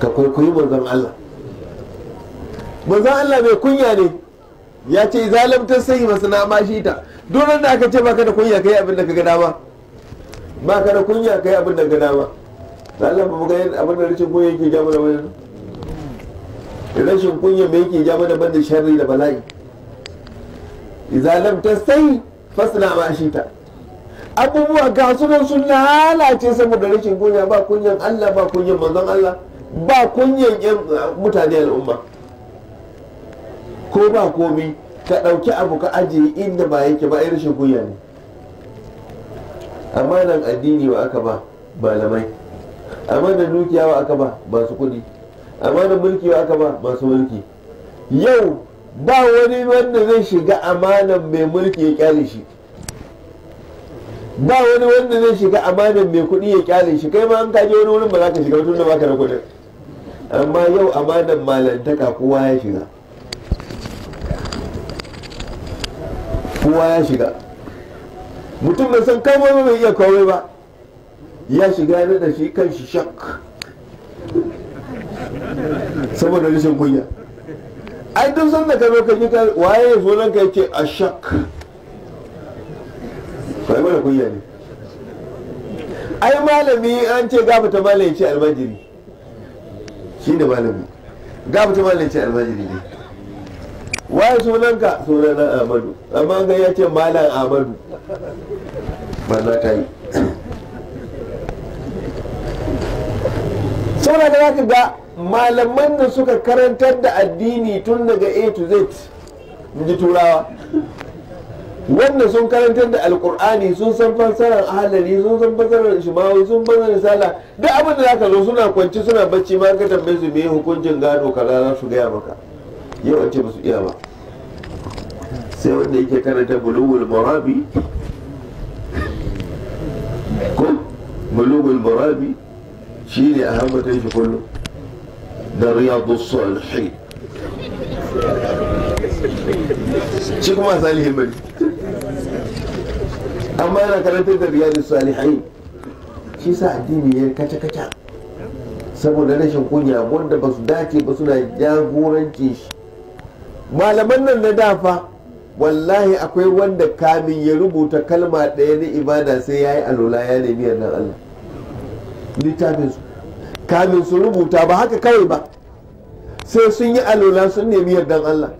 ka kwaikwayi manzon Allah manzon Allah mai kunya ne ya ce zalim ta sai masu na ma shi ta dole da aka ce baka da kunya kai abin da ka gada Ba baka da kunya kai abin da ka gada ba Allah ba ga abin da rashin kunya yake ja mana wannan rashin kunya me yake ja mana banda sharri da bala'i idza lam sai fasna ma shi ta abubuwa ga sunan sun lalace saboda rashin kunya ba kunyan Allah ba kunyan manzon Allah ba kunyan yan ah, mutane al'umma ko ba komi ka ɗauki abu ka ajiye inda ba yake ba irin rashin kunya ne amma nan addini wa aka ba malamai amma da dukiya wa aka ba masu kuɗi amma da mulki wa aka ba masu mulki yau ba wani wanda zai shiga amanan mai mulki ya kyale shi ba wani wanda zai shiga amanar mai kuɗi ya kyale shi kai ma an kaje wani wurin ba za ka shiga tun da baka da kuɗi. amma yau amanar malantaka kowa ya shiga kowa ya shiga mutum bai san kawai bai iya kawai ba ya shiga na da shi kan shi shak saboda rashin kunya ai duk sanda ka zo ka ji waye sunan ka yake a shak bai mana kunya ne ai malami an ce gabata malam ya ce almajiri shi ne malami gabata malam ya ce almajiri ne waye sunanka sunana amadu amma ga ya ce malam amadu barna ta yi saboda za ka ga malaman da suka karantar da addini tun daga a to z in ji turawa wanda sun karantar da alkur'ani sun san fansarar ahalari sun san fansarar shimawi sun san risala duk abin da zaka zo suna kwanci suna bacci ma ka tambaye su me hukuncin gado ka za su gaya maka yau an ce musu iya ba sai wanda yake karanta bulugul murabi ko bulugul murabi shi ne a hamatan shi kullum da riyadu salihin shi kuma salihin bane amma yana karantar da riyadu salihai shi sa addini ya kaca kaca saboda rashin kunya wanda ba su dace ba suna jagoranci shi malaman nan na dafa wallahi akwai wanda kamin ya rubuta kalma ɗaya na ibada sai ya yi alola ya nemi yardan Allah littafin su kamin su rubuta ba haka kawai ba sai sun yi alola sun nemi yardan Allah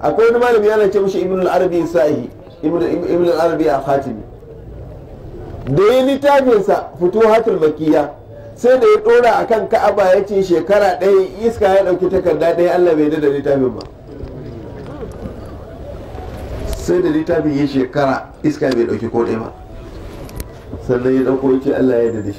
akwai wani malami yana ce mishi ibn al-arabi sahi ibn al-arabi a khatimi da ya littafinsa fito hatul makiya sai da ya dora a kan ka'aba ya ce shekara ɗaya iska ya ɗauki takarda ɗaya allah bai da littafin ba sai da littafin ya shekara iska bai ɗauki ko ɗaya ba sannan ya ɗauko ya ce allah ya da shi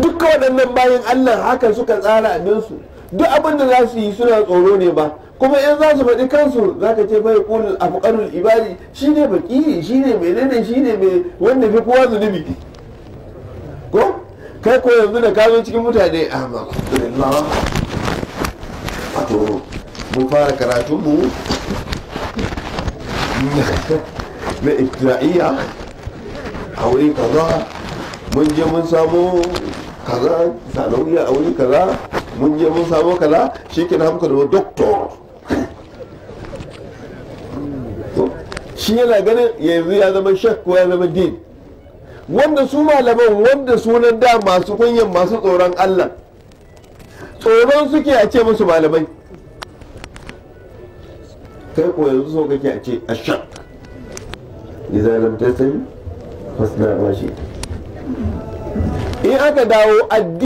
duka waɗannan bayan allah hakan suka tsara abinsu duk abin da za su yi suna tsoro ne ba kuma in za su faɗi kansu za ka ce bai ƙul a faƙarul ibadi shi ne baƙi shi ne mai nene shi ne mai wanda fi kowa zunubi ko kai ko yanzu da ka zo cikin mutane alhamdulillah wato mun fara karatunmu na ibtida'iyya a wuri kaza mun je mun samo kaza sanawiya a wuri kaza mun je mun samo kaza shi ke na hamka da doktor shi yana ganin yanzu ya zama shakku ya zama din wanda su malaman wanda sunan da masu kunyan masu tsoron Allah tsoron suke a ce musu malamai kai ko yanzu so kake a ce a shak idan lam tasami fasna ma shi in aka dawo addini